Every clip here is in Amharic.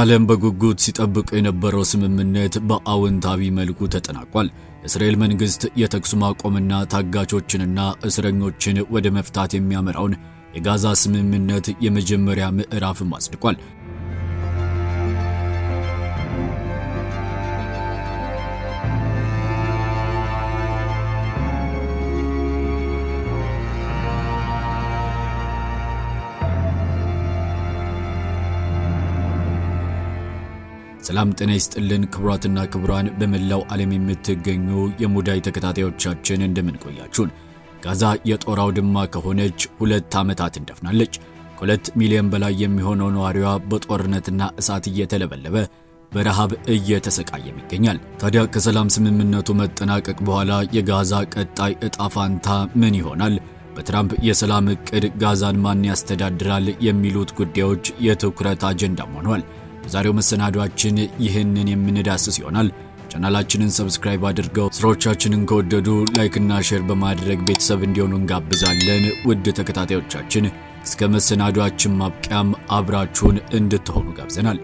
ዓለም በጉጉት ሲጠብቅ የነበረው ስምምነት በአዎንታዊ መልኩ ተጠናቋል። የእስራኤል መንግሥት የተኩስ ማቆምና ታጋቾችንና እስረኞችን ወደ መፍታት የሚያመራውን የጋዛ ስምምነት የመጀመሪያ ምዕራፍም አጽድቋል። ሰላም ጤና ይስጥልን ክቡራትና ክቡራን፣ በመላው ዓለም የምትገኙ የሙዳይ ተከታታዮቻችን እንደምንቆያችሁን። ጋዛ የጦር አውድማ ከሆነች ሁለት ዓመታት እንደፍናለች። ከሁለት ሚሊዮን በላይ የሚሆነው ነዋሪዋ በጦርነትና እሳት እየተለበለበ በረሃብ እየተሰቃየም ይገኛል። ታዲያ ከሰላም ስምምነቱ መጠናቀቅ በኋላ የጋዛ ቀጣይ እጣ ፋንታ ምን ይሆናል? በትራምፕ የሰላም ዕቅድ ጋዛን ማን ያስተዳድራል? የሚሉት ጉዳዮች የትኩረት አጀንዳም ሆኗል። በዛሬው መሰናዷችን ይህንን የምንዳስስ ይሆናል። ቻናላችንን ሰብስክራይብ አድርገው ስራዎቻችንን ከወደዱ ላይክና ሼር በማድረግ ቤተሰብ እንዲሆኑ እንጋብዛለን። ውድ ተከታታዮቻችን እስከ መሰናዷችን ማብቂያም አብራችሁን እንድትሆኑ ጋብዘናል።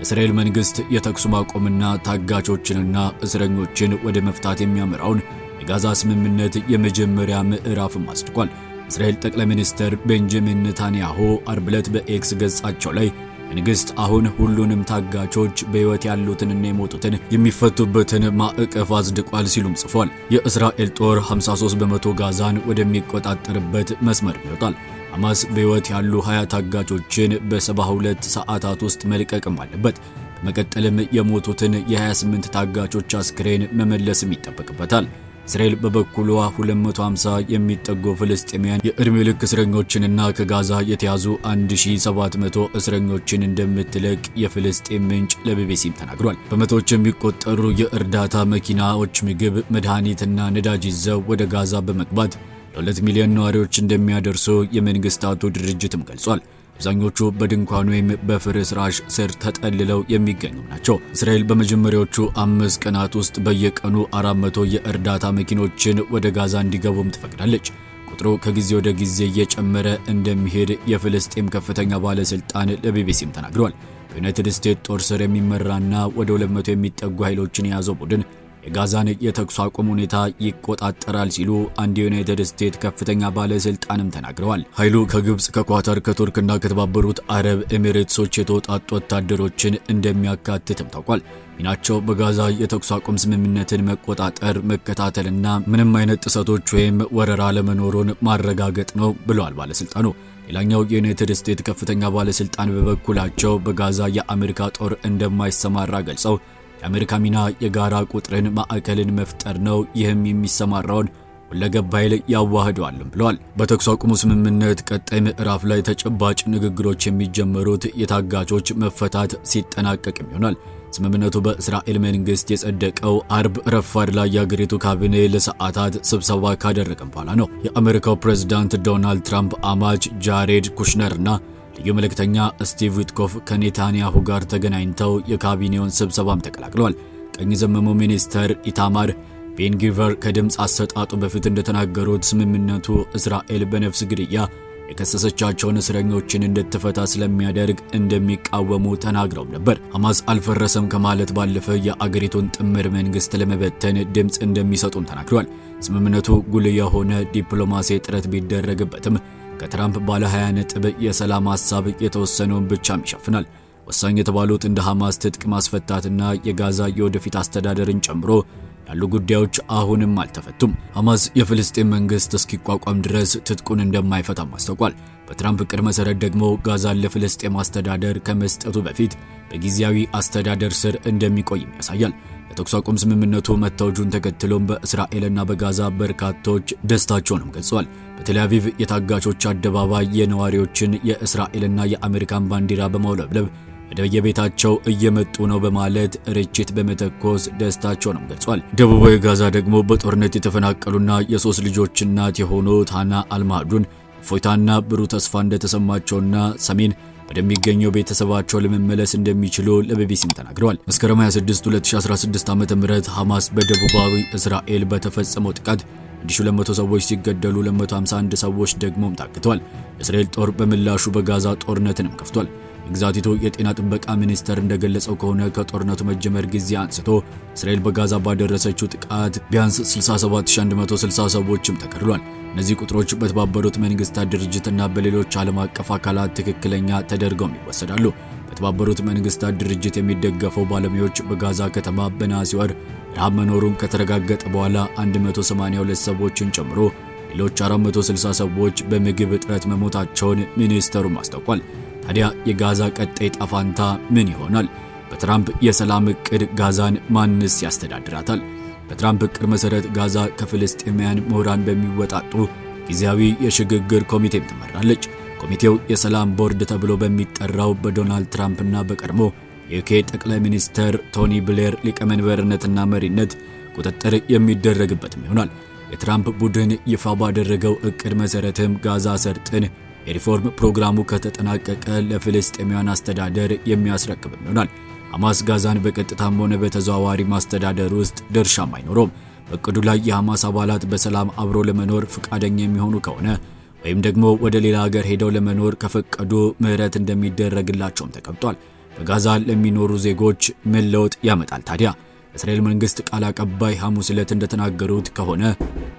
የእስራኤል መንግሥት የተኩስ ማቆምና ታጋቾችንና እስረኞችን ወደ መፍታት የሚያመራውን የጋዛ ስምምነት የመጀመሪያ ምዕራፍም አጽድቋል። እስራኤል ጠቅላይ ሚኒስትር ቤንጃሚን ኔታንያሁ አርብ ዕለት በኤክስ ገጻቸው ላይ መንግሥት አሁን ሁሉንም ታጋቾች በሕይወት ያሉትንና የሞቱትን የሚፈቱበትን ማዕቀፍ አጽድቋል ሲሉም ጽፏል። የእስራኤል ጦር 53 በመቶ ጋዛን ወደሚቆጣጠርበት መስመር ይወጣል። ሐማስ በሕይወት ያሉ 20 ታጋቾችን በ72 ሰዓታት ውስጥ መልቀቅም አለበት። በመቀጠልም የሞቱትን የ28 ታጋቾች አስክሬን መመለስም ይጠበቅበታል። እስራኤል በበኩሏ 250 የሚጠጉ ፍልስጤማውያን የዕድሜ ልክ እስረኞችንና ከጋዛ የተያዙ 1700 እስረኞችን እንደምትለቅ የፍልስጤም ምንጭ ለቢቢሲም ተናግሯል። በመቶዎች የሚቆጠሩ የእርዳታ መኪናዎች ምግብ፣ መድኃኒትና ነዳጅ ይዘው ወደ ጋዛ በመግባት ለሁለት ሚሊዮን ነዋሪዎች እንደሚያደርሱ የመንግስታቱ ድርጅትም ገልጿል። አብዛኞቹ በድንኳን ወይም በፍርስራሽ ስር ተጠልለው የሚገኙ ናቸው። እስራኤል በመጀመሪያዎቹ አምስት ቀናት ውስጥ በየቀኑ አራት መቶ የእርዳታ መኪኖችን ወደ ጋዛ እንዲገቡም ትፈቅዳለች። ቁጥሩ ከጊዜ ወደ ጊዜ እየጨመረ እንደሚሄድ የፍልስጤም ከፍተኛ ባለስልጣን ለቢቢሲም ተናግረዋል። በዩናይትድ ስቴትስ ጦር ስር የሚመራና ወደ 200 የሚጠጉ ኃይሎችን የያዘው ቡድን የጋዛን የተኩስ አቁም ሁኔታ ይቆጣጠራል ሲሉ አንድ የዩናይትድ ስቴትስ ከፍተኛ ባለስልጣንም ተናግረዋል። ኃይሉ ከግብፅ፣ ከኳታር፣ እና ከተባበሩት አረብ ኤሚሬትሶች የተወጣጡ ወታደሮችን እንደሚያካትትም ታውቋል። ሚናቸው በጋዛ የተኩስ አቁም ስምምነትን መቆጣጠር፣ መከታተልና ምንም አይነት ጥሰቶች ወይም ወረራ ለመኖሩን ማረጋገጥ ነው ብለዋል ባለስልጣኑ። ሌላኛው የዩናይትድ ስቴትስ ከፍተኛ ባለስልጣን በበኩላቸው በጋዛ የአሜሪካ ጦር እንደማይሰማራ ገልጸው የአሜሪካ ሚና የጋራ ቁጥርን ማዕከልን መፍጠር ነው። ይህም የሚሰማራውን ሁለገብ ኃይል ያዋህደዋልም ብሏል። በተኩስ አቁሙ ስምምነት ቀጣይ ምዕራፍ ላይ ተጨባጭ ንግግሮች የሚጀመሩት የታጋቾች መፈታት ሲጠናቀቅም ይሆናል። ስምምነቱ በእስራኤል መንግስት የጸደቀው አርብ ረፋድ ላይ የአገሪቱ ካቢኔ ለሰዓታት ስብሰባ ካደረገም በኋላ ነው። የአሜሪካው ፕሬዝዳንት ዶናልድ ትራምፕ አማች ጃሬድ ኩሽነር እና ልዩ መልእክተኛ ስቲቭ ዊትኮፍ ከኔታንያሁ ጋር ተገናኝተው የካቢኔውን ስብሰባም ተቀላቅለዋል። ቀኝ ዘመሙ ሚኒስተር ኢታማር ቤንጊቨር ከድምፅ አሰጣጡ በፊት እንደተናገሩት ስምምነቱ እስራኤል በነፍስ ግድያ የከሰሰቻቸውን እስረኞችን እንድትፈታ ስለሚያደርግ እንደሚቃወሙ ተናግረውም ነበር። ሐማስ አልፈረሰም ከማለት ባለፈ የአገሪቱን ጥምር መንግሥት ለመበተን ድምፅ እንደሚሰጡም ተናግረዋል። ስምምነቱ ጉልህ የሆነ ዲፕሎማሲ ጥረት ቢደረግበትም ከትራምፕ ባለ 20 ነጥብ የሰላም ሐሳብ የተወሰነውን ብቻም ይሸፍናል። ወሳኝ የተባሉት እንደ ሐማስ ትጥቅ ማስፈታትና የጋዛ የወደፊት አስተዳደርን ጨምሮ ያሉ ጉዳዮች አሁንም አልተፈቱም። ሐማስ የፍልስጤን መንግስት እስኪቋቋም ድረስ ትጥቁን እንደማይፈታም አስታውቋል። በትራምፕ እቅድ መሰረት ደግሞ ጋዛን ለፍልስጤም አስተዳደር ከመስጠቱ በፊት በጊዜያዊ አስተዳደር ስር እንደሚቆይም ያሳያል። የተኩስ አቁም ስምምነቱ መታወጁን ተከትሎም በእስራኤልና በጋዛ በርካቶች ደስታቸውንም ገልጸዋል። አቪቭ የታጋቾች አደባባይ የነዋሪዎችን የእስራኤልና የአሜሪካን ባንዲራ በማውለብለብ ወደየቤታቸው እየመጡ ነው በማለት ርችት በመተኮስ ደስታቸውንም ገልጿል። ደቡባዊ ጋዛ ደግሞ በጦርነት የተፈናቀሉና የሶስት ልጆች እናት የሆኑት ሃና አልማዱን እፎይታና ብሩህ ተስፋ እንደተሰማቸውና ሰሜን ወደሚገኘው ቤተሰባቸው ለመመለስ እንደሚችሉ ለቢቢሲም ተናግረዋል። መስከረም 26 2016 ም ሐማስ በደቡባዊ እስራኤል በተፈጸመው ጥቃት 1200 ሰዎች ሲገደሉ 251 ሰዎች ደግሞም ታግተዋል። የእስራኤል ጦር በምላሹ በጋዛ ጦርነትንም ከፍቷል። የግዛቲቱ የጤና ጥበቃ ሚኒስተር እንደገለጸው ከሆነ ከጦርነቱ መጀመር ጊዜ አንስቶ እስራኤል በጋዛ ባደረሰችው ጥቃት ቢያንስ 67160 ሰዎችም ተገድሏል። እነዚህ ቁጥሮች በተባበሩት መንግስታት ድርጅትና በሌሎች ዓለም አቀፍ አካላት ትክክለኛ ተደርገውም ይወሰዳሉ። በተባበሩት መንግስታት ድርጅት የሚደገፈው ባለሙያዎች በጋዛ ከተማ በነሐሴ ወር ረሃብ መኖሩን ከተረጋገጠ በኋላ 182 ሰዎችን ጨምሮ ሌሎች 460 ሰዎች በምግብ እጥረት መሞታቸውን ሚኒስተሩም አስታውቋል። ታዲያ የጋዛ ቀጣይ ጣፋንታ ምን ይሆናል? በትራምፕ የሰላም እቅድ ጋዛን ማንስ ያስተዳድራታል? በትራምፕ እቅድ መሠረት ጋዛ ከፍልስጤማውያን ምሁራን በሚወጣጡ ጊዜያዊ የሽግግር ኮሚቴም ትመራለች። ኮሚቴው የሰላም ቦርድ ተብሎ በሚጠራው በዶናልድ ትራምፕና በቀድሞ የዩኬ ጠቅላይ ሚኒስተር ቶኒ ብሌር ሊቀመንበርነትና መሪነት ቁጥጥር የሚደረግበትም ይሆናል። የትራምፕ ቡድን ይፋ ባደረገው እቅድ መሠረትም ጋዛ ሰርጥን የሪፎርም ፕሮግራሙ ከተጠናቀቀ ለፍልስጤማውያን አስተዳደር የሚያስረክብም ይሆናል። ሐማስ ጋዛን በቀጥታም ሆነ በተዘዋዋሪ ማስተዳደር ውስጥ ድርሻም አይኖረውም። በእቅዱ ላይ የሐማስ አባላት በሰላም አብሮ ለመኖር ፈቃደኛ የሚሆኑ ከሆነ ወይም ደግሞ ወደ ሌላ ሀገር ሄደው ለመኖር ከፈቀዱ ምህረት እንደሚደረግላቸውም ተቀምጧል። በጋዛ ለሚኖሩ ዜጎች ምን ለውጥ ያመጣል ታዲያ? እስራኤል መንግስት ቃል አቀባይ ሐሙስ ዕለት እንደተናገሩት ከሆነ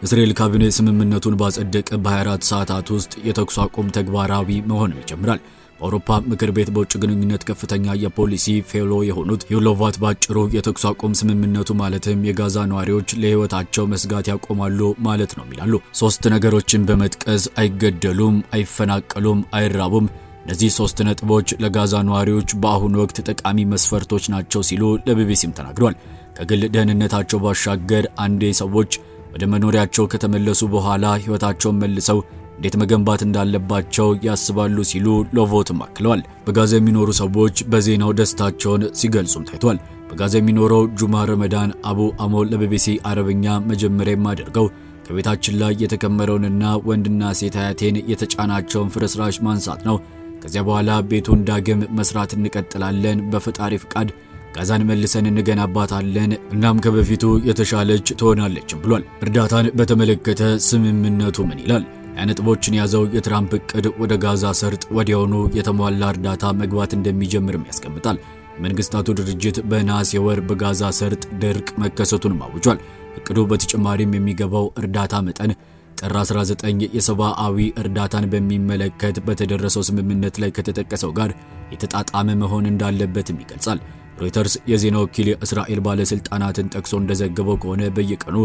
እስራኤል ካቢኔ ስምምነቱን ባጸደቀ በ24 ሰዓታት ውስጥ የተኩስ አቁም ተግባራዊ መሆንም ይጀምራል። በአውሮፓ ምክር ቤት በውጭ ግንኙነት ከፍተኛ የፖሊሲ ፌሎ የሆኑት የሎቫት ባጭሩ የተኩስ አቁም ስምምነቱ ማለትም የጋዛ ነዋሪዎች ለህይወታቸው መስጋት ያቆማሉ ማለት ነው ይላሉ። ሶስት ነገሮችን በመጥቀስ አይገደሉም፣ አይፈናቀሉም፣ አይራቡም። እነዚህ ሶስት ነጥቦች ለጋዛ ነዋሪዎች በአሁኑ ወቅት ጠቃሚ መስፈርቶች ናቸው ሲሉ ለቢቢሲም ተናግሯል። ከግል ደህንነታቸው ባሻገር አንዴ ሰዎች ወደ መኖሪያቸው ከተመለሱ በኋላ ሕይወታቸውን መልሰው እንዴት መገንባት እንዳለባቸው ያስባሉ ሲሉ ሎቮትም አክለዋል። በጋዛ የሚኖሩ ሰዎች በዜናው ደስታቸውን ሲገልጹም ታይቷል። በጋዛ የሚኖረው ጁማ ረመዳን አቡ አሞ ለቢቢሲ አረብኛ መጀመሪያ የማደርገው ከቤታችን ላይ የተከመረውንና ወንድና ሴት አያቴን የተጫናቸውን ፍርስራሽ ማንሳት ነው። ከዚያ በኋላ ቤቱን ዳግም መስራት እንቀጥላለን። በፈጣሪ ፍቃድ ጋዛን መልሰን እንገነባታለን እናም ከበፊቱ የተሻለች ትሆናለችም ብሏል። እርዳታን በተመለከተ ስምምነቱ ምን ይላል? የነጥቦችን የያዘው የትራምፕ እቅድ ወደ ጋዛ ሰርጥ ወዲያውኑ የተሟላ እርዳታ መግባት እንደሚጀምርም ያስቀምጣል። የመንግስታቱ ድርጅት በነሐሴ ወር በጋዛ ሰርጥ ድርቅ መከሰቱንም አውጇል። እቅዱ በተጨማሪም የሚገባው እርዳታ መጠን ጥር 19 የሰብአዊ እርዳታን በሚመለከት በተደረሰው ስምምነት ላይ ከተጠቀሰው ጋር የተጣጣመ መሆን እንዳለበትም ይገልጻል። ሮይተርስ የዜና ወኪል የእስራኤል ባለስልጣናትን ጠቅሶ እንደዘገበው ከሆነ በየቀኑ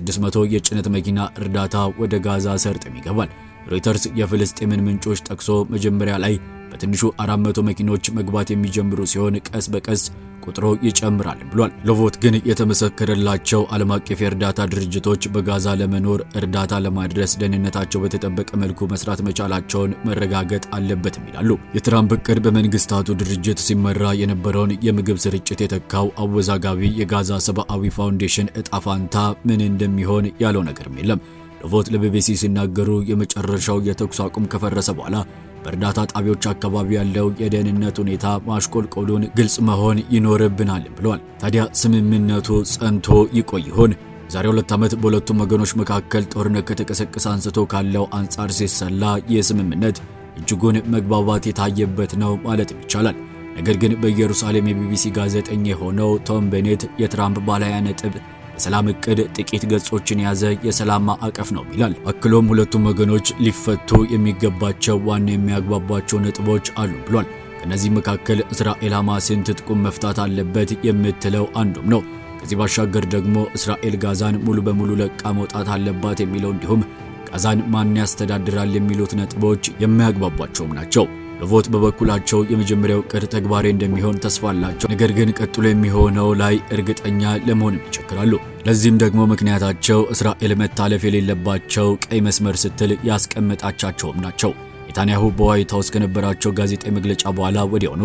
600 የጭነት መኪና እርዳታ ወደ ጋዛ ሰርጥም ይገባል። ሮይተርስ የፍልስጤምን ምንጮች ጠቅሶ መጀመሪያ ላይ በትንሹ 400 መኪኖች መግባት የሚጀምሩ ሲሆን ቀስ በቀስ ቁጥሩ ይጨምራል ብሏል። ሎቮት ግን የተመሰከረላቸው ዓለም አቀፍ የእርዳታ ድርጅቶች በጋዛ ለመኖር እርዳታ ለማድረስ ደህንነታቸው በተጠበቀ መልኩ መስራት መቻላቸውን መረጋገጥ አለበትም ይላሉ። የትራምፕ እቅድ በመንግስታቱ ድርጅት ሲመራ የነበረውን የምግብ ስርጭት የተካው አወዛጋቢ የጋዛ ሰብአዊ ፋውንዴሽን እጣ ፋንታ ምን እንደሚሆን ያለው ነገርም የለም። ሎቮት ለቢቢሲ ሲናገሩ የመጨረሻው የተኩስ አቁም ከፈረሰ በኋላ በእርዳታ ጣቢያዎች አካባቢ ያለው የደህንነት ሁኔታ ማሽቆልቆሉን ግልጽ መሆን ይኖርብናል ብለዋል። ታዲያ ስምምነቱ ጸንቶ ይቆይ ይሆን? ዛሬ ሁለት ዓመት በሁለቱም ወገኖች መካከል ጦርነት ከተቀሰቀሰ አንስቶ ካለው አንጻር ሲሰላ የስምምነት እጅጉን መግባባት የታየበት ነው ማለትም ይቻላል። ነገር ግን በኢየሩሳሌም የቢቢሲ ጋዜጠኛ የሆነው ቶም ቤኔት የትራምፕ ባለ ሃያ ነጥብ የሰላም እቅድ ጥቂት ገጾችን የያዘ የሰላም ማዕቀፍ ነው ይላል። አክሎም ሁለቱም ወገኖች ሊፈቱ የሚገባቸው ዋና የሚያግባቧቸው ነጥቦች አሉ ብሏል። ከእነዚህ መካከል እስራኤል ሐማስን ትጥቁን መፍታት አለበት የምትለው አንዱም ነው። ከዚህ ባሻገር ደግሞ እስራኤል ጋዛን ሙሉ በሙሉ ለቃ መውጣት አለባት የሚለው እንዲሁም ጋዛን ማን ያስተዳድራል የሚሉት ነጥቦች የሚያግባቧቸውም ናቸው። ለቦት በበኩላቸው የመጀመሪያው ቅድ ተግባሬ እንደሚሆን ተስፋ አላቸው። ነገር ግን ቀጥሎ የሚሆነው ላይ እርግጠኛ ለመሆንም ይቸግራሉ። ለዚህም ደግሞ ምክንያታቸው እስራኤል መታለፍ የሌለባቸው ቀይ መስመር ስትል ያስቀመጣቻቸውም ናቸው። ኔታንያሁ በዋይት ሀውስ ከነበራቸው ጋዜጣዊ መግለጫ በኋላ ወዲያውኑ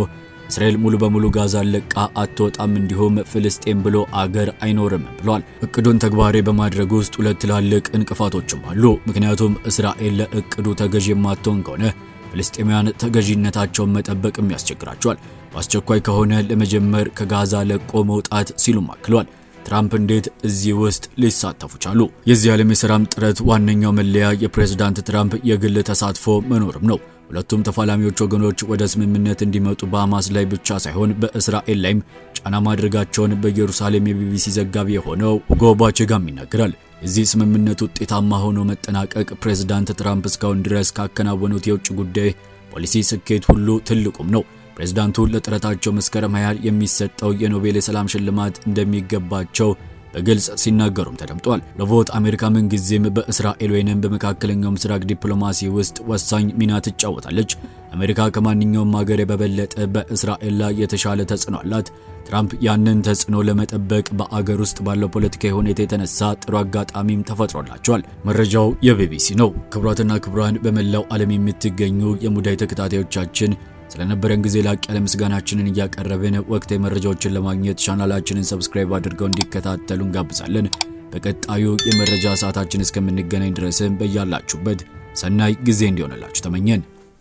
እስራኤል ሙሉ በሙሉ ጋዛን ለቃ አትወጣም፣ እንዲሁም ፍልስጤም ብሎ አገር አይኖርም ብሏል። እቅዱን ተግባራዊ በማድረግ ውስጥ ሁለት ትላልቅ እንቅፋቶችም አሉ። ምክንያቱም እስራኤል ለእቅዱ ተገዥ የማትሆን ከሆነ ፍልስጤማውያን ተገዢነታቸውን መጠበቅም ያስቸግራቸዋል። በአስቸኳይ ከሆነ ለመጀመር ከጋዛ ለቆ መውጣት ሲሉም አክለዋል። ትራምፕ እንዴት እዚህ ውስጥ ሊሳተፉ ቻሉ? የዚህ ዓለም የሰላም ጥረት ዋነኛው መለያ የፕሬዝዳንት ትራምፕ የግል ተሳትፎ መኖርም ነው። ሁለቱም ተፋላሚዎች ወገኖች ወደ ስምምነት እንዲመጡ በሐማስ ላይ ብቻ ሳይሆን በእስራኤል ላይም ጫና ማድረጋቸውን በኢየሩሳሌም የቢቢሲ ዘጋቢ የሆነው ሁጎ ባቼጋም ይናገራል። የዚህ ስምምነት ውጤታማ ሆኖ መጠናቀቅ ፕሬዝዳንት ትራምፕ እስካሁን ድረስ ካከናወኑት የውጭ ጉዳይ ፖሊሲ ስኬት ሁሉ ትልቁም ነው። ፕሬዝዳንቱ ለጥረታቸው መስከረም 20 የሚሰጠው የኖቤል የሰላም ሽልማት እንደሚገባቸው በግልጽ ሲናገሩም ተደምጧል። ለቮት አሜሪካ ምንጊዜም በእስራኤል ወይንም በመካከለኛው ምስራቅ ዲፕሎማሲ ውስጥ ወሳኝ ሚና ትጫወታለች። አሜሪካ ከማንኛውም ሀገር የበበለጠ በእስራኤል ላይ የተሻለ ተጽዕኖ አላት። ትራምፕ ያንን ተጽዕኖ ለመጠበቅ በአገር ውስጥ ባለው ፖለቲካዊ ሁኔታ የተነሳ ጥሩ አጋጣሚም ተፈጥሮላቸዋል። መረጃው የቢቢሲ ነው። ክቡራትና ክቡራን፣ በመላው ዓለም የምትገኙ የሙዳይ ተከታታዮቻችን ስለነበረን ጊዜ ላቅ ያለ ምስጋናችንን እያቀረብን ወቅታዊ መረጃዎችን ለማግኘት ቻናላችንን ሰብስክራይብ አድርገው እንዲከታተሉ እንጋብዛለን። በቀጣዩ የመረጃ ሰዓታችን እስከምንገናኝ ድረስም በያላችሁበት ሰናይ ጊዜ እንዲሆንላችሁ ተመኘን።